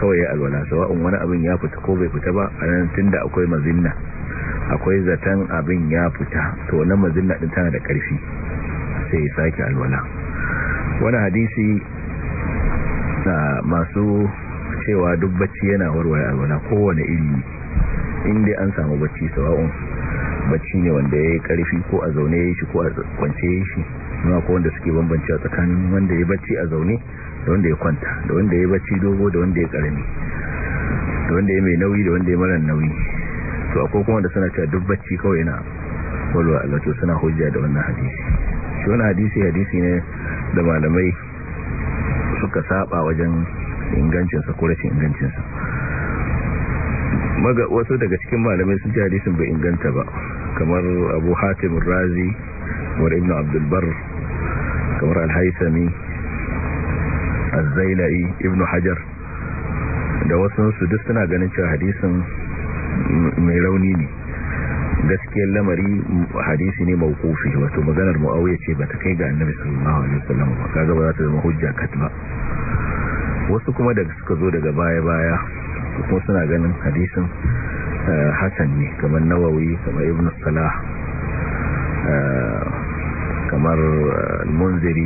kawai ya alwala sawa'un wani abin ya fita ko bai fita ba a nan tunda akwai mazinna akwai zaton abin ya fita to wannan mazinna din tana da karfi sai ya sake alwala wani hadisi da masu cewa duk bacci yana warware alwala kowane iri inda an samu bacci sawa'un bacci ne wanda ya yi karfi ko a zaune ya shi ko a kwance ya shi nuna ko wanda suke bambanci a tsakanin wanda ya bacci a zaune da wanda ya kwanta da wanda ya bacci dogo da wanda ya karami da wanda ya mai nauyi da wanda ya mara nauyi to akwai kuma da suna cewa duk bacci kawai yana walwa Allah to suna hujja da wannan hadisi shi wani hadisi hadisi ne da malamai suka saba wajen ingancinsa ko rashin ingancinsa wasu daga cikin malamai sun ji hadisin bai inganta ba kamar abu hatim razi kamar ibn abdulbar kamar alhaisami azzailai ibn hajar da wasu duk suna ganin cewa hadisin mai rauni ne gaskiyar lamari hadisi ne mawkufi wato maganar ma'auya ce ba ta kai ga annabi sallallahu alaihi wasallam ba kaga ba za ta zama hujja katba wasu kuma da suka zo daga baya baya kuma suna ganin hadisin Eh, hasan ne kamar nawawi kamar ibn salah eh, kamar eh, munziri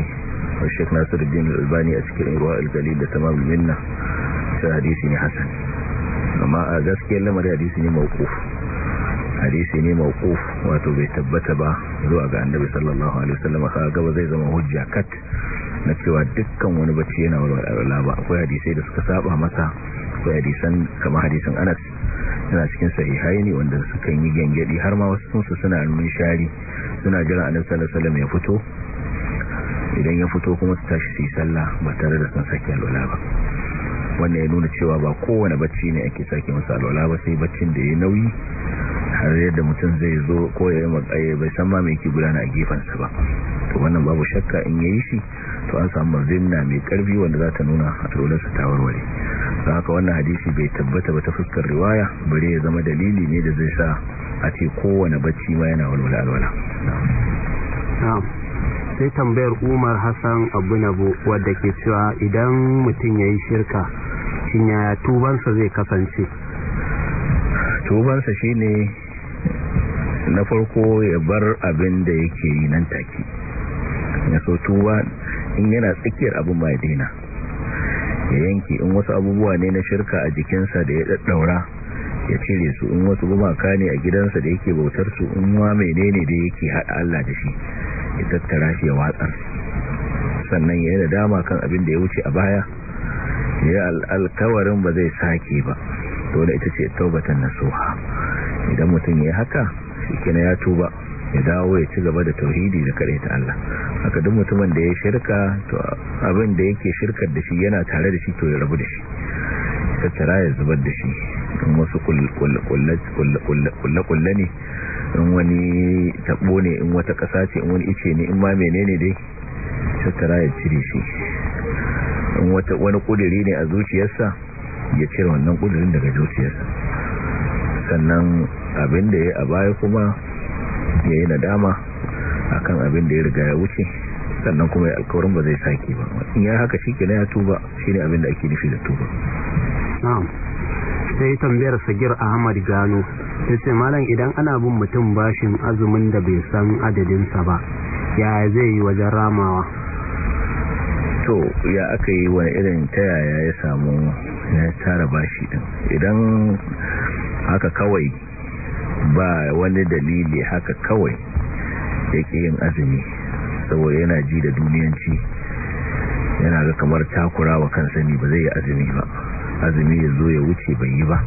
wa sheik nasiruddin albani a cikin ruwa algali da tamam minna sai hadisi ne hasan amma a gaskiyar lamari hadisi ne mawquf hadisi ne mawquf wato bai tabbata ba zuwa ga annabi sallallahu alaihi wasallam ka gaba zai zama hujja kat na cewa dukkan wani bacci yana walwala ba akwai hadisai da suka saba masa akwai hadisan kamar hadisan Anas suna cikin sahihai ne wanda sukan yi gangadi har ma wasu sunsu suna nuni shari suna jira annabi sallallahu alaihi ya fito idan ya fito kuma su tashi su yi sallah ba tare da sun sake alwala ba wannan ya nuna cewa ba kowane bacci ne ake sake masa alwala ba sai baccin da ya nauyi har yadda mutum zai zo ko ya yi matsaye bai san ma mai ke gudana a sa ba to wannan babu shakka in yayi shi to an samu zinna mai karfi wanda za ta nuna alwalarsa ta warware za haka wannan hadisi bai tabbata ba ta fuskar riwaya bare ya zama dalili ne da zai sa a ce kowane bacci ma yana walwala alwala sai tambayar umar hassan abu bu wadda ke cewa idan mutum ya yi shirka shin ya tubansa zai kasance tubansa shi ne na farko ya bar abin da yake yi nan take ya so tuba in yana tsakiyar abin ba ya daina ya yanki in wasu abubuwa ne na shirka a jikinsa da ya ɗaɗɗaura ya cire su in wasu gumaka ne a gidansa da yake bautar su in wa menene da yake hada Allah da shi ya tattara shi ya watsar sannan ya yi da dama kan abin da ya wuce a baya ya alkawarin ba zai sake ba dole ita ce taubatan nasuha idan mutum ya haka shi ya tuba ya dawo ya ci gaba da tauhidi da kare ta Allah haka duk mutumin da ya shirka to abin da yake shirkar da shi yana tare da shi to ya rabu da shi tattara ya zubar da shi in wasu kulle-kulle ne in wani tabo ne in wata ƙasa ce in wani ice ne in ma menene dai tattara ya cire shi in wani ƙudiri ne a zuciyarsa ya cire wannan ƙudirin daga zuciyarsa sannan abin da ya a baya kuma ya yi nadama kan abin da ya riga ya wuce sannan kuma ya alkawarin ba zai sake ba in ya haka shi ke na ya tuba shi ne abin da ake nufi da tuba na'am sai tambayar sagir ahmad gano ta ce malam idan ana bin mutum bashin azumin da bai san adadinsa ba ya zai yi wajen ramawa to ya aka yi wani irin ta yaya ya samu ya tara bashi din idan haka kawai ba wani dalili haka kawai ke yin azumi saboda yana ji da duniyanci yana ga kamar takura wa kan sani ba zai yi azumi ba azumi ya zo ya wuce bai yi ba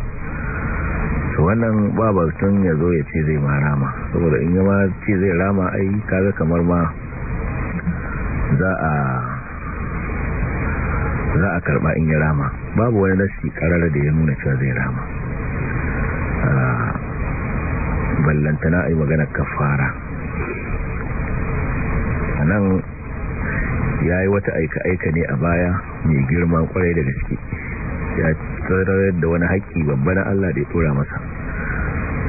su wannan babatun ya zo ya ce zai ma rama saboda in yama ce zai rama ai kaga kamar ma za a za a karba in ya rama babu wani nasi karara da ya nuna cewa zai rama ah, ballanta a yi maganar kafara a nan ya yi wata aika-aika ne a baya mai girma kwarai da gaske ya tsarar da wani haƙƙi babba na Allah da ya tura masa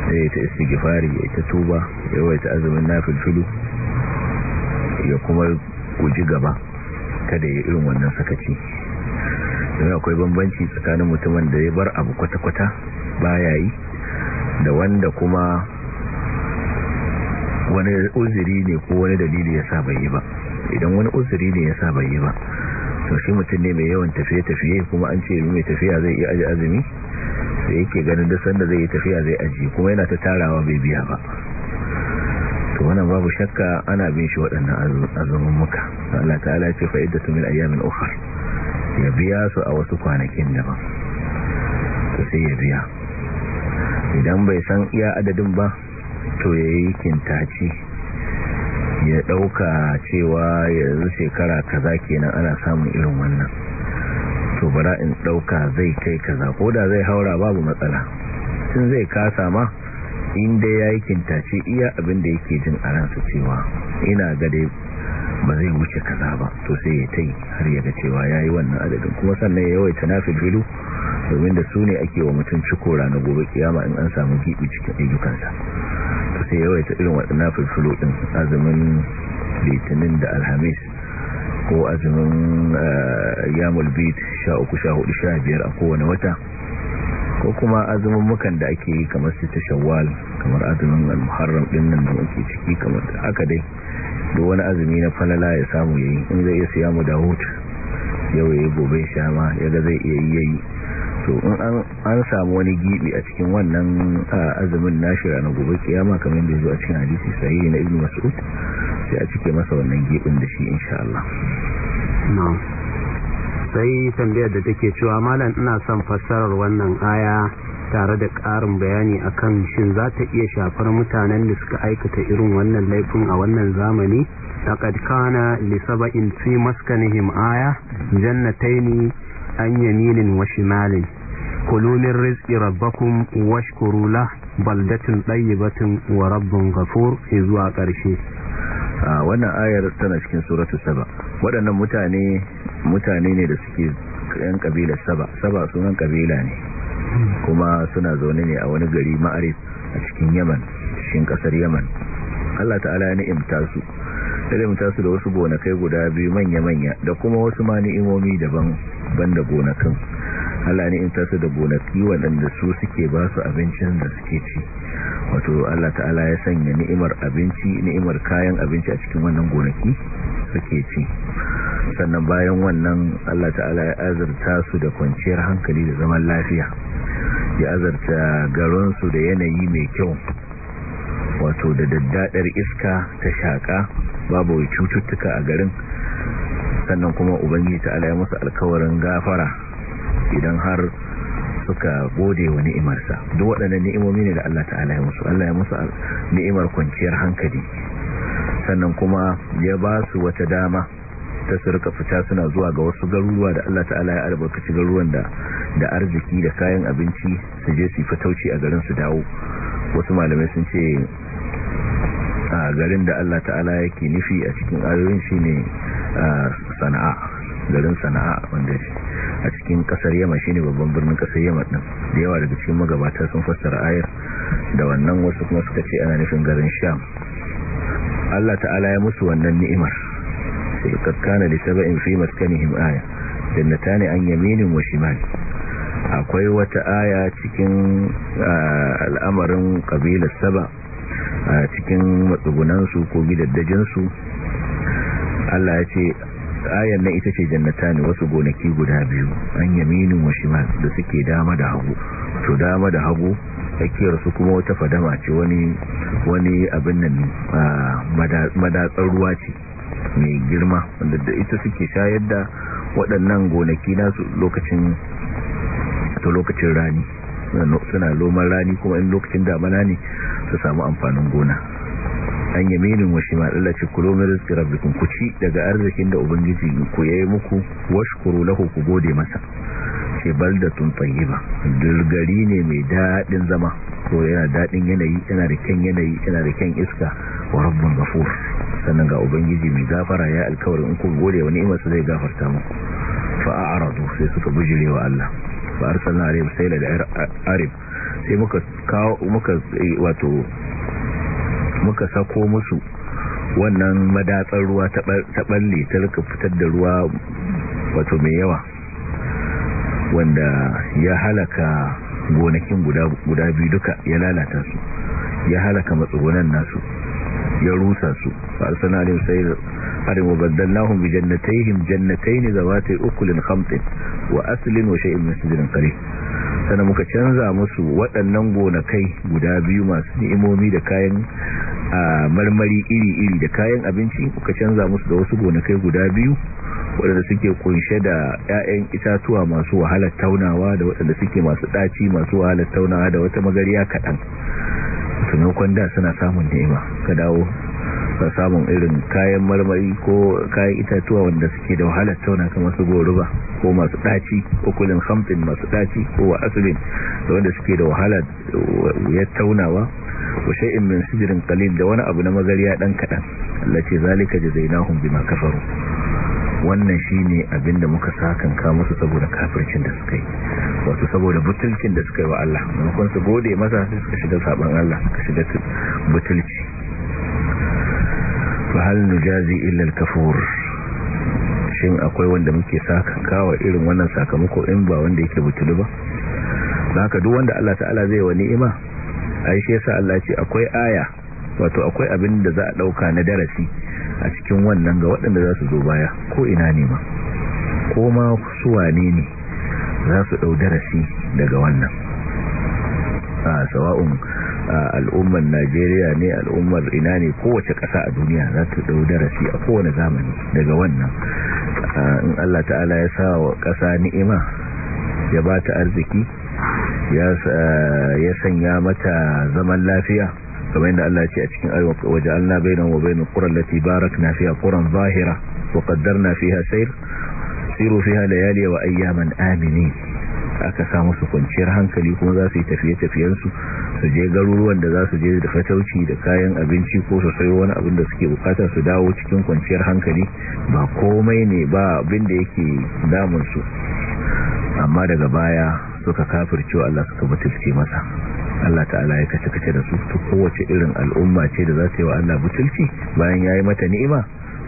sai ya ta istighfari ya ta tuba ya wai ta azumin nafil tulu ya kuma guji gaba kada ya irin wannan sakaci don akwai bambanci tsakanin mutumin da ya bar abu kwata-kwata baya yi da wanda kuma wani uziri ne ko wani dalili ya sa bai yi ba idan wani uziri ne ya sa bai yi ba to shi mutum ne mai yawan tafiye-tafiye kuma an ce mai tafiya zai iya azumi sai yake ganin da sanda zai yi tafiya zai aji kuma yana ta tarawa bai biya ba to wannan babu shakka ana bin shi waɗannan azumin muka Allah ta'ala ce fa'id iddatu ayyamin ya biya su a wasu kwanakin daban to sai ya biya idan bai san iya adadin ba to ya yi kintaci ya ɗauka cewa yanzu shekara kaza kenan ana samun irin wannan to bara in ɗauka zai kai kaza ko da zai haura babu matsala sun zai kasa ma inda ya yi kintace iya abin da yake jin a ransa cewa ina dai ba zai wuce kaza ba to sai ya tai har ya ga cewa ya yi wannan adadin kuma sannan ya yawaita na filfilu domin da su ne ake wa mutum cikora na gobe kiyama in an samu gibi cikin ayyukansa sai yawaita irin waɗannan filfilo ɗin azumin litinin da alhamis ko azumin eh, yamul bit sha uku sha hudu sha biyar a kowane wata ko kuma azumin mukan da ake yi kamar su ta shawwal kamar azumin al-muharram din nan da muke ciki kamar haka dai duk wani azumi na falala ya samu yayi in zai iya siya mu dawud yau yayi gobe sha ma yaga zai iya yi yayi to an samu wani gibi a cikin wannan azumin nashi na gobe kiyama kamar da zuwa cikin hadisi sahihi na ibnu mas'ud sai a cike masa wannan gibin da shi insha Allah na'am sai tambayar da take cewa malam ina son fassarar wannan aya tare da ƙarin bayani akan shin za ta iya shafar mutanen da suka aikata irin wannan laifin a wannan zamani laqad kana li sab'in fi maskanihim aya an yaminin wa shimalin kulu min rizqi rabbakum washkuru lah baldatun tayyibatun wa rabbun ghafur zuwa ƙarshe wannan ayar tana cikin suratu saba waɗannan mutane mutane ne da suke yan kabilar saba saba sunan kabila ne kuma suna zaune ne a wani gari ma'arif a cikin yaman cikin ƙasar yaman Allah ta'ala ya ni'imta su sai su tasu da wasu gonakai guda biyu manya-manya da kuma wasu ma ni'imomi daban banda gonakan Allah ne in tasu da gonaki waɗanda su suke ba su abincin da suke ci wato Allah ta'ala ya sanya ni'imar abinci ni'imar kayan abinci a cikin wannan gonaki suke ci sannan bayan wannan Allah ta'ala ya azurta su da kwanciyar hankali da zaman lafiya ya azurta garinsu da yanayi mai kyau wato da daddadar iska ta shaka. babu cututtuka a garin sannan kuma ubangiji ta ala ya musu alkawarin gafara idan har suka gode wa ni'imarsa duk waɗannan ni'imomi ne da Allah ta'ala ya musu Allah ya musu ni'imar kwanciyar hankali sannan kuma ya ba su wata dama ta su rika fita suna zuwa ga wasu garuruwa da Allah ta'ala ya albarkaci garuruwan da arziki da kayan abinci su je su fitauci a garin su dawo wasu malamai sun ce a garin da Allah ta'ala yake nufi a cikin ayoyin shine sana'a garin sana'a wanda a cikin kasar yamma shine babban birnin kasar yamma din da yawa daga cikin magabata sun fassara ayar da wannan wasu kuma suka ce ana nufin garin sham Allah ta'ala ya musu wannan ni'imar sai kakkana li in fi maskanihim aya jannatani an yaminin wa shimal akwai wata aya cikin al'amarin kabilar saba a cikin matsugunansu ko gidaddajensu. Allah ya ce ayan na ita ce jannata ne wasu gonaki guda biyu an yaminin wa da suke dama da hagu to dama da hagu tsakiyar su kuma wata fadama ce wani wani abin nan madatsar ruwa ce mai girma wanda da ita suke shayar da waɗannan gonaki nasu lokacin to lokacin rani suna loman rani kuma in lokacin damana ne su samu amfanin gona an yaminin wa shima Allah ce kulo min rizqi ku ci daga arzikin da ubangiji ku yayi muku washkuru lahu ku gode masa ce baldatun tayyiba gari ne mai daɗin zama ko yana daɗin yanayi yana da kyan yanayi yana da kyan iska wa rabbin ghafur sannan ga ubangiji mai gafara ya alkawari in ku gode wani ni'imar sa zai gafarta muku fa a'radu sai suka bujire wa Allah fa arsalna alayhim sayla da arim. sai muka kawo muka eh, wato muka sako musu wannan madatsar ruwa ta balle ta rika fitar da ruwa wato mai yawa wanda ya halaka gonakin guda biyu duka ya lalata su ya halaka matsugunan nasu ya rusa su fa'asana alim sai wabaddan lahun bi zama ta yi ukulin hamtin wa aslin wa shay'in min sidrin sana muka canza musu waɗannan gonakai guda biyu masu ni'imomi da kayan marmari iri-iri da kayan abinci muka canza musu da wasu gonakai guda biyu waɗanda suke kunshe da 'ya'yan itatuwa masu wahalar taunawa da waɗanda suke masu ɗaci masu wahalar taunawa da wata magariya kaɗan sanakon da suna samun ni'ima ka dawo samun irin kayan marmari ko kayan itatuwa wanda suke da wahalar tauna kamar su goruba ko masu ɗaci ko kulin hamtin masu daci ko wa asirin da wanda suke da wahalar ya taunawa wa in min sidrin qalil da wani abu na magariya dan kadan Allah ce zalika jazainahum bima kafaru wannan shine da muka sa kan kama musu saboda kafircin da suka yi wasu saboda butulcin da suka yi wa Allah maimakon su gode masa suka shiga saban Allah suka shiga butulci fa hal nujazi illa al-kafur shin akwai wanda muke saka irin wannan sakamako in ba wanda yake butulu ba haka duk wanda Allah ta'ala zai wa ni'ima ai shi yasa Allah ce akwai aya wato akwai abin da za a dauka na darasi a cikin wannan ga waɗanda za su zo baya ko ina ne ma ko ma su wane ne za su dau darasi daga wannan a sawa'un al'ummar najeriya ne al'ummar ina ne kowace ƙasa a duniya za ta ɗau darasi a kowane zamani daga wannan in allah ta'ala ya sa wa ƙasa ni'ima ya ba ta arziki ya sanya mata zaman lafiya kamar yadda Allah ce a cikin waje Allah bainan wa bainan ƙuran lati barak na fiya ƙuran zahira wa ƙaddar na fiya sayar siru fiya layali wa ayyaman amini aka sa musu kwanciyar hankali kuma za su yi tafiye-tafiyensu su je garuruwan da za su je da fatauci da kayan abinci ko su sayo wani abin da suke bukata su dawo cikin kwanciyar hankali ba komai ne ba abin da yake damunsu amma daga baya suka kafircewa Allah suka mutunce masa Allah ta'ala ya kace-kace da su ta kowace irin al'umma ce da za ta yi wa Allah butulci bayan ya yi mata ni'ima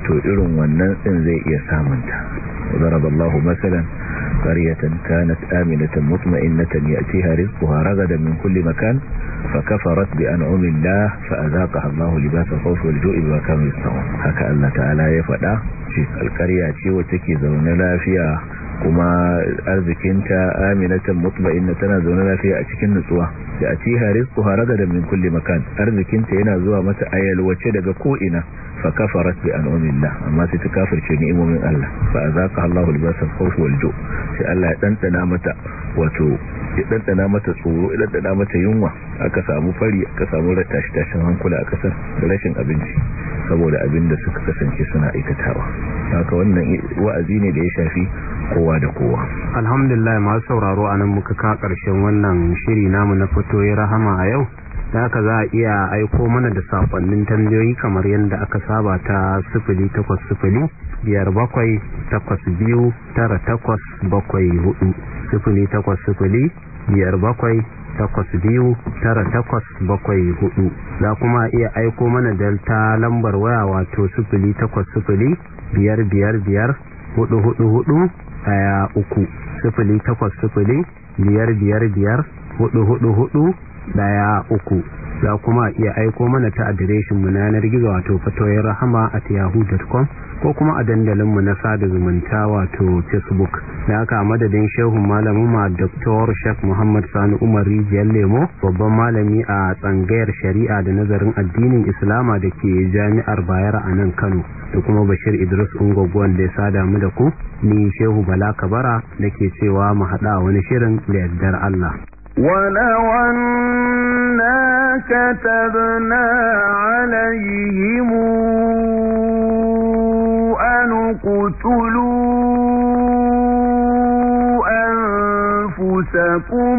to irin wannan din zai iya samunta zarab Allahu masalan قرية كانت آمنة مطمئنة يأتيها رزقها رغدا من كل مكان فكفرت بأنعم الله فأذاقها الله لباس الخوف والجوء بما كانوا يصنعون هكا الله تعالى يفدا shi alƙarya ce wacce ke kuma arzikinta aminatan mutma'inna tana zaune lafiya a cikin nutsuwa da a atiha rizquha da min kulli makan arzikinta yana zuwa mata ayalwace daga ko ina fa kafarat bi an'amillah amma sai ta kafirce imomin Allah fa azaka Allahu ka al-khawf wal ju' sai Allah ya dandana mata tsoro ya mata yunwa aka samu fari aka samu rattashi tashin hankula a kasar rashin abinci saboda abin da suka kasance suna aikatawa haka wannan wa'azi ne da ya shafi kowa da kowa alhamdulillah masu sauraro a nan muka ka karshen wannan shiri namu na fito ya rahama a yau da haka za a iya aiko mana da sakonnin tambayoyi kamar yadda aka saba ta sifili takwas biyar bakwai takwas biyu tara takwas bakwai hudu biyar bakwai takwas biyu tara bakwai hudu za kuma iya aiko mana delta lambar waya wato biyar biyar biyar hudu hudu hudu daya uku sifili takwas sifili biyar biyar biyar hudu hudu hudu daya uku za kuma iya aiko mana ta adireshin munanar gizo wato fatoyin rahama at yahoo.com ko kuma a dandalinmu na sada zumunta wato facebook da aka madadin shehun malamin ma dr shek muhammad sani umar rijiyar lemo babban malami a tsangayar shari'a da nazarin addinin islama da ke jami'ar bayar a nan kano da kuma bashir idris ungogwon da ya sada mu da ku ni shehu bala kabara da ke cewa mu haɗa wani shirin da yaddar allah ولو أنا كتبنا عليهم أن اقتلوا أنفسكم